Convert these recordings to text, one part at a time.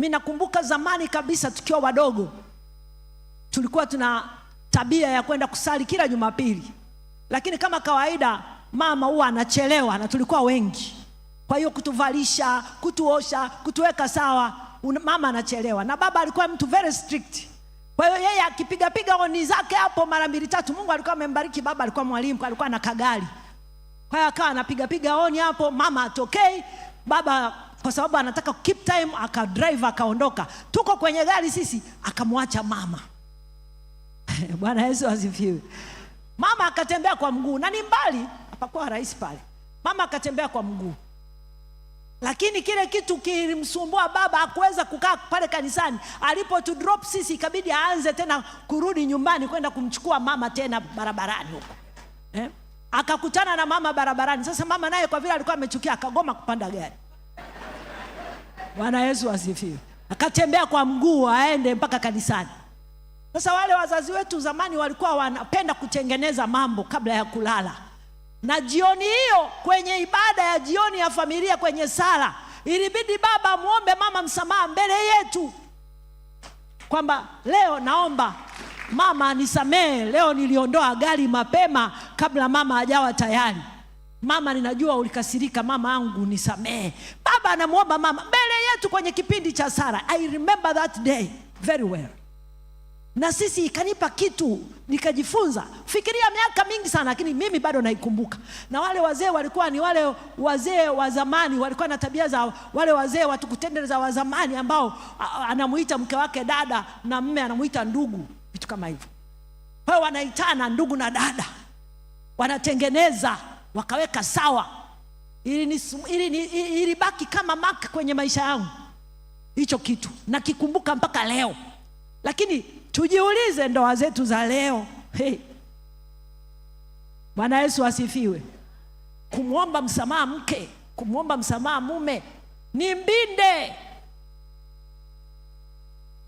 Mi nakumbuka zamani kabisa tukiwa wadogo tulikuwa tuna tabia ya kwenda kusali kila Jumapili, lakini kama kawaida mama huwa anachelewa na tulikuwa wengi, kwa hiyo kutuvalisha, kutuosha, kutuweka sawa, mama anachelewa, na baba alikuwa mtu very strict. Kwa hiyo yeye akipigapiga oni zake hapo mara mbili tatu, Mungu alikuwa amembariki. Baba alikuwa mwalimu, alikuwa na kagari, kwa hiyo akawa anapigapiga oni hapo, mama atokei, baba kwa sababu anataka keep time, akadrive akaondoka. Tuko kwenye gari sisi, akamwacha mama Bwana Yesu asifiwe. Mama akatembea kwa mguu na ni mbali, hapakuwa rahisi pale. Mama akatembea kwa mguu, lakini kile kitu kilimsumbua baba, hakuweza kukaa pale kanisani. Alipotu drop sisi, ikabidi aanze tena kurudi nyumbani kwenda kumchukua mama tena barabarani huko eh? Akakutana na mama barabarani. Sasa mama naye kwa vile alikuwa amechukia, akagoma kupanda gari. Bwana Yesu asifiwe. Akatembea kwa mguu aende mpaka kanisani. Sasa wale wazazi wetu zamani walikuwa wanapenda kutengeneza mambo kabla ya kulala, na jioni hiyo kwenye ibada ya jioni ya familia, kwenye sala, ilibidi baba muombe mama msamaha mbele yetu, kwamba leo naomba mama nisamehe, leo niliondoa gari mapema kabla mama hajawa tayari. Mama, ninajua ulikasirika, mama angu nisamehe. Baba anamwomba mama mbele yetu kwenye kipindi cha Sara. I remember that day very well. Na sisi ikanipa kitu nikajifunza. Fikiria miaka mingi sana, lakini mimi bado naikumbuka. Na wale wazee walikuwa ni wale wazee wa zamani, walikuwa na tabia za wale wazee watukutendeleza wa zamani, ambao anamuita mke wake dada na mme anamuita ndugu, vitu kama hivyo. Kwa hiyo wanaitana ndugu na dada, wanatengeneza wakaweka sawa ili, ili, ilibaki kama maka kwenye maisha yangu hicho kitu nakikumbuka mpaka leo. Lakini tujiulize, ndoa zetu za leo hey. Bwana Yesu asifiwe. Kumwomba msamaha mke, kumwomba msamaha mume ni mbinde.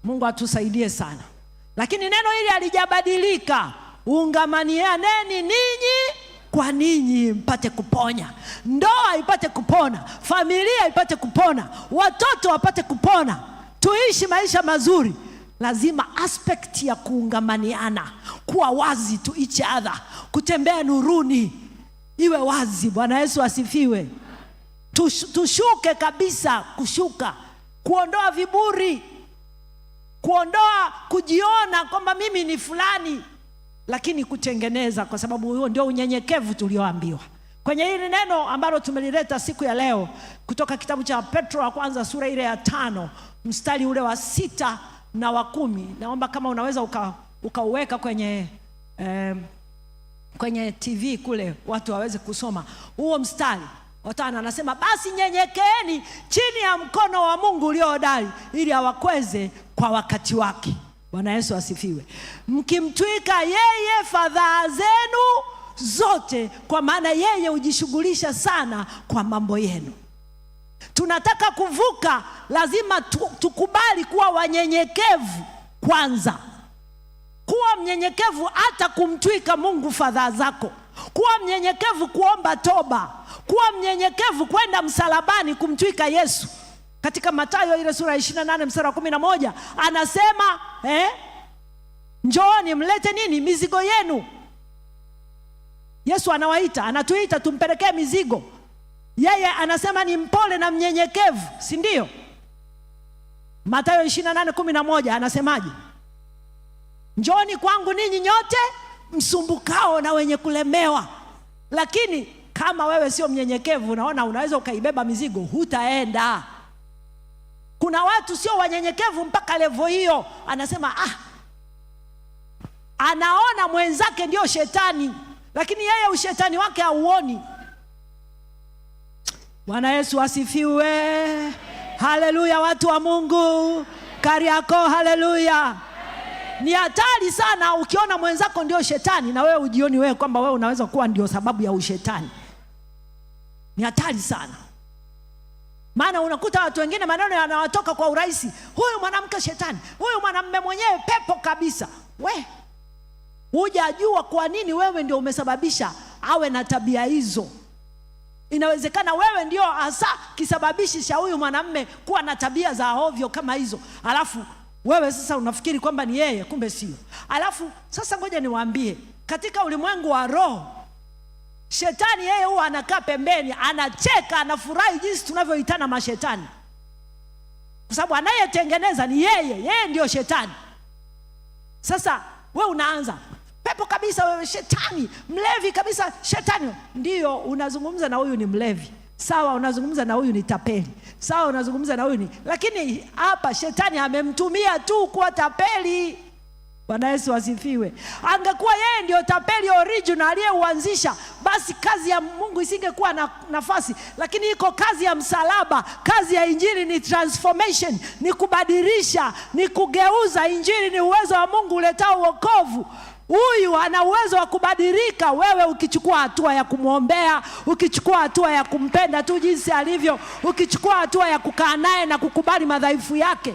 Mungu atusaidie sana, lakini neno hili alijabadilika Ungamanianeni ninyi kwa ninyi mpate kuponya, ndoa ipate kupona, familia ipate kupona, watoto wapate kupona, tuishi maisha mazuri. Lazima aspect ya kuungamaniana kuwa wazi to each other, kutembea nuruni iwe wazi. Bwana Yesu asifiwe. Tush, tushuke kabisa, kushuka, kuondoa viburi, kuondoa kujiona kwamba mimi ni fulani lakini kutengeneza, kwa sababu huo ndio unyenyekevu tulioambiwa kwenye hili neno ambalo tumelileta siku ya leo kutoka kitabu cha Petro wa kwanza sura ile ya tano mstari ule wa sita na wa kumi. Naomba kama unaweza ukauweka uka kwenye eh, kwenye TV kule watu waweze kusoma huo mstari wa tano. Anasema basi nyenyekeeni chini ya mkono wa Mungu ulio hodari, ili awakweze kwa wakati wake. Bwana Yesu asifiwe. Mkimtwika yeye fadhaa zenu zote, kwa maana yeye hujishughulisha sana kwa mambo yenu. Tunataka kuvuka, lazima tu, tukubali kuwa wanyenyekevu kwanza, kuwa mnyenyekevu hata kumtwika Mungu fadhaa zako, kuwa mnyenyekevu kuomba toba, kuwa mnyenyekevu kwenda msalabani kumtwika Yesu katika Mathayo ile sura ya 28 mstari wa 11 anasema eh, njooni mlete nini mizigo yenu. Yesu anawaita, anatuita tumpelekee mizigo. Yeye anasema ni mpole na mnyenyekevu, si ndio? Mathayo 28:11 anasemaje? Njooni kwangu ninyi nyote msumbukao na wenye kulemewa. Lakini kama wewe sio mnyenyekevu, unaona unaweza ukaibeba mizigo, hutaenda. Kuna watu sio wanyenyekevu mpaka levo hiyo, anasema ah, anaona mwenzake ndio shetani, lakini yeye ushetani wake hauoni. Bwana Yesu asifiwe, haleluya! Watu wa Mungu Kariakoo, haleluya! Ni hatari sana ukiona mwenzako ndio shetani na wewe ujioni wewe kwamba wewe unaweza kuwa ndio sababu ya ushetani. Ni hatari sana. Maana unakuta watu wengine maneno yanawatoka kwa urahisi, huyu mwanamke shetani, huyu mwanamume mwenyewe pepo kabisa. We hujajua kwa nini wewe ndio umesababisha awe na tabia hizo. Inawezekana wewe ndio hasa kisababishi cha huyu mwanamume kuwa na tabia za ovyo kama hizo, alafu wewe sasa unafikiri kwamba ni yeye, kumbe sio. Alafu sasa, ngoja niwaambie, katika ulimwengu wa roho Shetani yeye huwa anakaa pembeni, anacheka, anafurahi jinsi tunavyoitana mashetani, kwa sababu anayetengeneza ni yeye. Yeye ndiyo shetani. Sasa we unaanza pepo kabisa, wewe shetani, mlevi kabisa, shetani. Ndiyo unazungumza na huyu ni mlevi, sawa. Unazungumza na huyu ni tapeli, sawa. Unazungumza na huyu ni, lakini hapa shetani amemtumia tu kuwa tapeli. Bwana Yesu asifiwe. Angekuwa yeye ndio tapeli original aliyeuanzisha, basi kazi ya Mungu isingekuwa na nafasi, lakini iko kazi ya msalaba. Kazi ya injili ni transformation, ni kubadilisha, ni kugeuza. Injili ni uwezo wa Mungu uletao wokovu. Huyu ana uwezo wa kubadilika, wewe ukichukua hatua ya kumwombea, ukichukua hatua ya kumpenda tu jinsi alivyo, ukichukua hatua ya kukaa naye na kukubali madhaifu yake.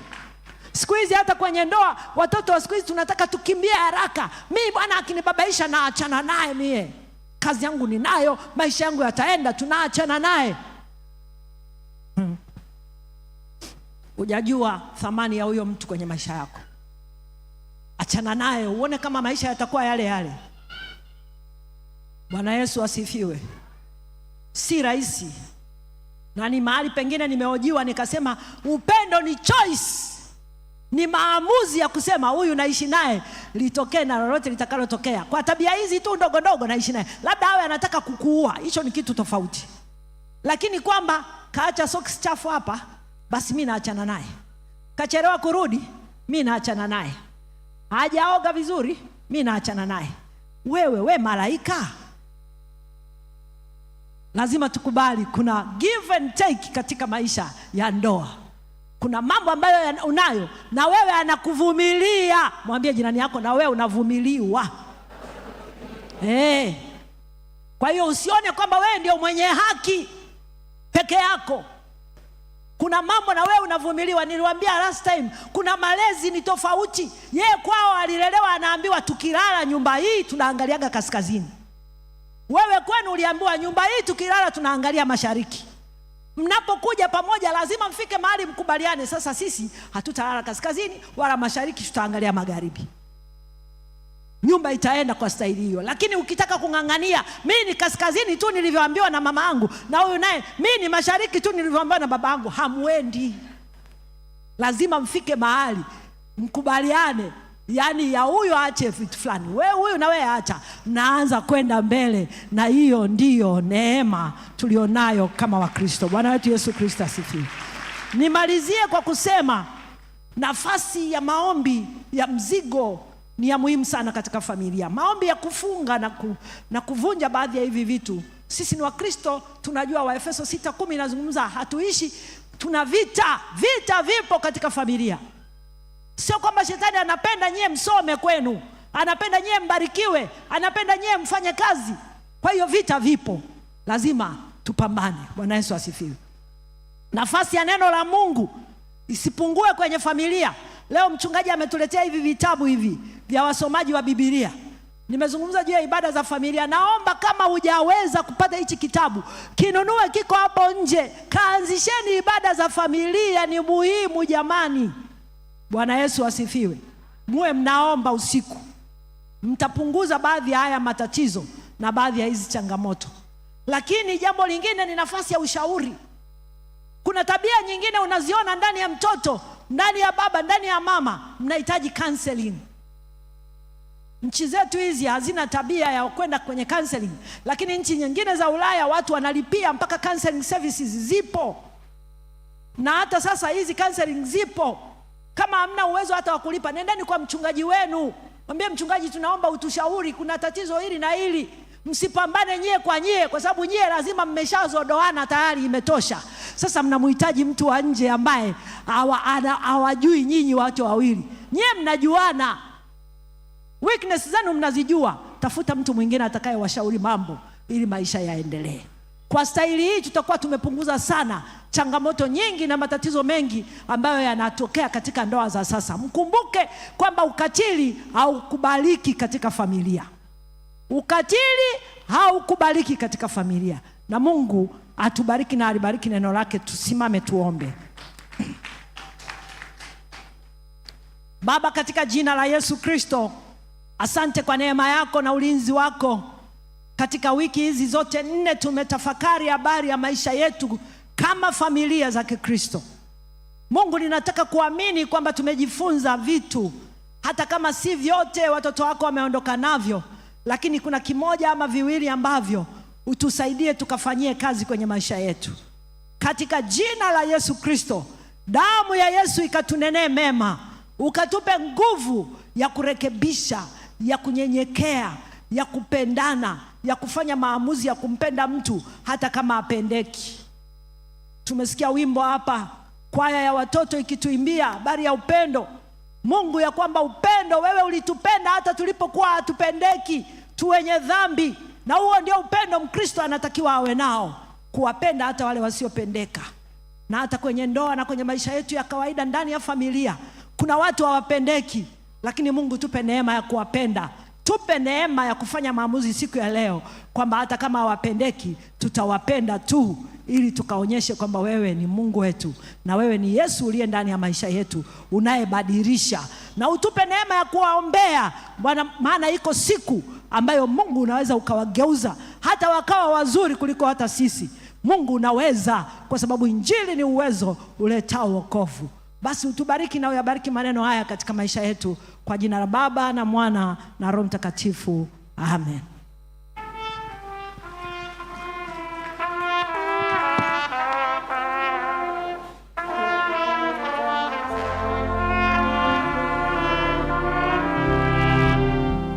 Siku hizi hata kwenye ndoa, watoto wa siku hizi tunataka tukimbie haraka. Mi bwana akinibabaisha naachana naye, mie kazi yangu ninayo, maisha yangu yataenda, tunaachana naye. Hmm. Hujajua hmm, thamani ya huyo mtu kwenye maisha yako. Achana naye uone kama maisha yatakuwa yale yale. Bwana Yesu asifiwe. Si rahisi na ni mahali pengine nimehojiwa nikasema, upendo ni choice ni maamuzi ya kusema huyu naishi naye, litokee na lolote litakalotokea, kwa tabia hizi tu ndogo ndogo naishi naye. Labda awe anataka kukuua, hicho ni kitu tofauti, lakini kwamba kaacha socks chafu hapa, basi mi naachana naye. Kachelewa kurudi, mi naachana naye. Hajaoga vizuri, mi naachana naye. Wewe we malaika, lazima tukubali kuna give and take katika maisha ya ndoa. Kuna mambo ambayo unayo na wewe anakuvumilia. Mwambie jirani yako, na wewe unavumiliwa. Hey. Eh. Kwa hiyo usione kwamba wewe ndio mwenye haki peke yako. Kuna mambo na wewe unavumiliwa. Niliwaambia last time, kuna malezi ni tofauti. Yeye kwao alilelewa, anaambiwa tukilala nyumba hii tunaangaliaga kaskazini. Wewe kwenu uliambiwa nyumba hii tukilala tunaangalia mashariki mnapokuja pamoja lazima mfike mahali mkubaliane. Sasa sisi hatutalala kaskazini wala mashariki, tutaangalia magharibi. Nyumba itaenda kwa staili hiyo. Lakini ukitaka kung'ang'ania, mimi ni kaskazini tu nilivyoambiwa na mama yangu, na huyu naye mimi ni mashariki tu nilivyoambiwa na baba yangu, hamwendi. Lazima mfike mahali mkubaliane yaani ya huyo aache vitu fulani, wewe huyu na wewe acha, naanza kwenda mbele, na hiyo ndiyo neema tulionayo kama Wakristo. Bwana wetu Yesu Kristo asifiwe. Nimalizie kwa kusema nafasi ya maombi ya mzigo ni ya muhimu sana katika familia. Maombi ya kufunga na, ku, na kuvunja baadhi ya hivi vitu. Sisi ni Wakristo, tunajua Waefeso sita kumi inazungumza hatuishi, tuna vita. Vita vipo katika familia. Sio kwamba shetani anapenda nyie msome kwenu, anapenda nyie mbarikiwe, anapenda nyie mfanye kazi. Kwa hiyo vita vipo, lazima tupambane. Bwana Yesu asifiwe. Nafasi ya neno la Mungu isipungue kwenye familia. Leo mchungaji ametuletea hivi vitabu hivi vya wasomaji wa Biblia. Nimezungumza juu ya ibada za familia. Naomba kama hujaweza kupata hichi kitabu, kinunue, kiko hapo nje. Kaanzisheni ibada za familia, ni muhimu jamani. Bwana Yesu asifiwe. Muwe mnaomba usiku, mtapunguza baadhi ya haya matatizo na baadhi ya hizi changamoto. Lakini jambo lingine ni nafasi ya ushauri. Kuna tabia nyingine unaziona ndani ya mtoto, ndani ya baba, ndani ya mama, mnahitaji counseling. Nchi zetu hizi hazina tabia ya kwenda kwenye counseling, lakini nchi nyingine za Ulaya watu wanalipia mpaka counseling services zipo, na hata sasa hizi counseling zipo kama hamna uwezo hata wa kulipa, nendeni kwa mchungaji wenu, mwambie mchungaji, tunaomba utushauri, kuna tatizo hili na hili. Msipambane nyie kwa nyie, kwa sababu nyie lazima mmeshazodoana tayari, imetosha. Sasa mnamhitaji mtu wa nje ambaye hawajui nyinyi watu wawili. Nyie mnajuana, weakness zenu mnazijua. Tafuta mtu mwingine atakayewashauri mambo ili maisha yaendelee. Kwa staili hii tutakuwa tumepunguza sana changamoto nyingi na matatizo mengi ambayo yanatokea katika ndoa za sasa. Mkumbuke kwamba ukatili haukubaliki katika familia, ukatili haukubaliki katika familia. Na Mungu atubariki na alibariki neno lake. Tusimame tuombe. Baba, katika jina la Yesu Kristo, asante kwa neema yako na ulinzi wako katika wiki hizi zote nne tumetafakari habari ya maisha yetu kama familia za Kikristo. Mungu, ninataka kuamini kwamba tumejifunza vitu, hata kama si vyote watoto wako wameondoka navyo, lakini kuna kimoja ama viwili ambavyo utusaidie tukafanyie kazi kwenye maisha yetu, katika jina la Yesu Kristo. Damu ya Yesu ikatunenee mema, ukatupe nguvu ya kurekebisha, ya kunyenyekea, ya kupendana ya kufanya maamuzi ya kumpenda mtu hata kama apendeki. Tumesikia wimbo hapa, kwaya ya watoto ikituimbia habari ya upendo Mungu, ya kwamba upendo, wewe ulitupenda hata tulipokuwa hatupendeki, tu wenye dhambi, na huo ndio upendo Mkristo anatakiwa awe nao, kuwapenda hata wale wasiopendeka. Na hata kwenye ndoa na kwenye maisha yetu ya kawaida ndani ya familia kuna watu hawapendeki, lakini Mungu tupe neema ya kuwapenda tupe neema ya kufanya maamuzi siku ya leo, kwamba hata kama hawapendeki tutawapenda tu, ili tukaonyeshe kwamba wewe ni Mungu wetu na wewe ni Yesu uliye ndani ya maisha yetu unayebadilisha, na utupe neema ya kuwaombea Bwana, maana iko siku ambayo Mungu unaweza ukawageuza hata wakawa wazuri kuliko hata sisi. Mungu unaweza, kwa sababu injili ni uwezo uletao wokovu. Basi utubariki na uyabariki maneno haya katika maisha yetu, kwa jina la Baba na Mwana na Roho Mtakatifu, amen.